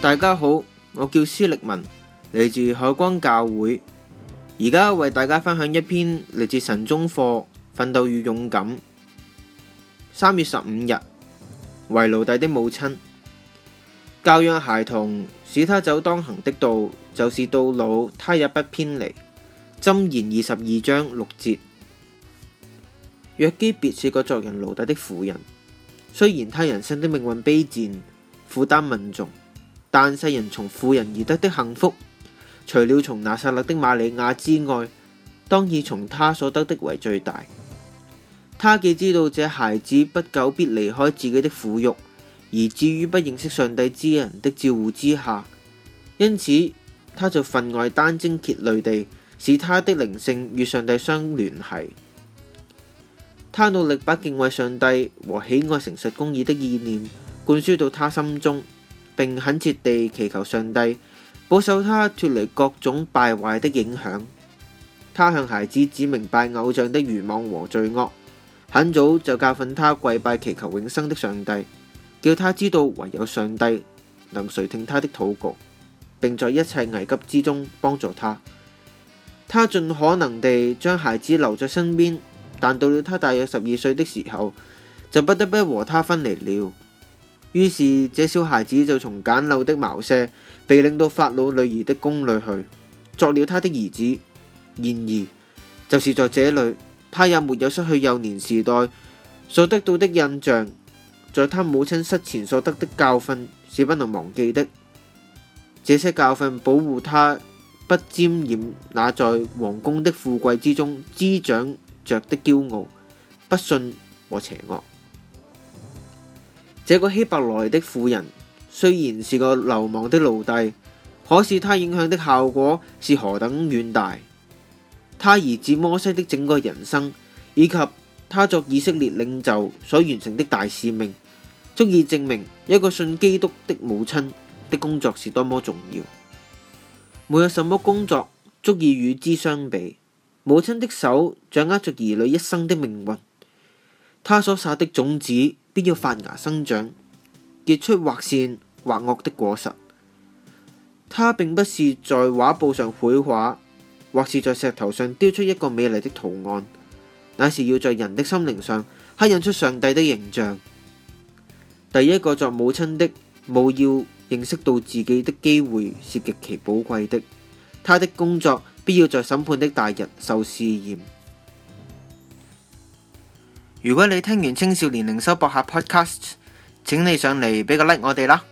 大家好，我叫施力文，嚟自海光教會。而家為大家分享一篇嚟自神中課《奮鬥與勇敢》。三月十五日，為奴隸的母親。教養孩童，使他走當行的道，就是到老他也不偏離。箴言二十二章六節。約基別是個作人奴隸的婦人，雖然他人生的命運卑賤，負擔沉重。但世人從婦人而得的幸福，除了從拿撒勒的瑪利亞之外，當以從他所得的為最大。他既知道這孩子不久必離開自己的撫育，而置於不認識上帝之人的照顧之下，因此他就分外殫精竭慮地使他的靈性與上帝相聯繫。他努力把敬畏上帝和喜愛誠實公義的意念灌輸到他心中。並懇切地祈求上帝保守他脫離各種敗壞的影響。他向孩子指明拜偶像的愚妄和罪惡，很早就教訓他跪拜祈求永生的上帝，叫他知道唯有上帝能垂聽他的禱告，並在一切危急之中幫助他。他盡可能地將孩子留在身邊，但到了他大約十二歲的時候，就不得不和他分離了。於是，這小孩子就從簡陋的茅舍被領到法老女兒的宮裏去，作了他的兒子。然而，就是在這裏，他也沒有失去幼年時代所得到的印象，在他母親膝前所得的教訓是不能忘記的。這些教訓保護他不沾染那在皇宮的富貴之中滋長着的驕傲、不信和邪惡。這個希伯來的婦人雖然是個流亡的奴隸，可是她影響的效果是何等遠大！她兒子摩西的整個人生，以及她作以色列領袖所完成的大使命，足以證明一個信基督的母親的工作是多麼重要。沒有什麼工作足以與之相比。母親的手掌握着兒女一生的命運，她所撒的種子，必要發芽生長，結出或善或惡的果實。他並不是在畫布上繪畫，或是在石頭上雕出一個美麗的圖案，乃是要在人的心靈上刻印出上帝的形象。第一個作母親的，務要認識到自己的機會是極其寶貴的。他的工作必要在審判的大日受試驗。如果你聽完青少年靈修博客 podcast，請你上嚟俾個 like 我哋啦。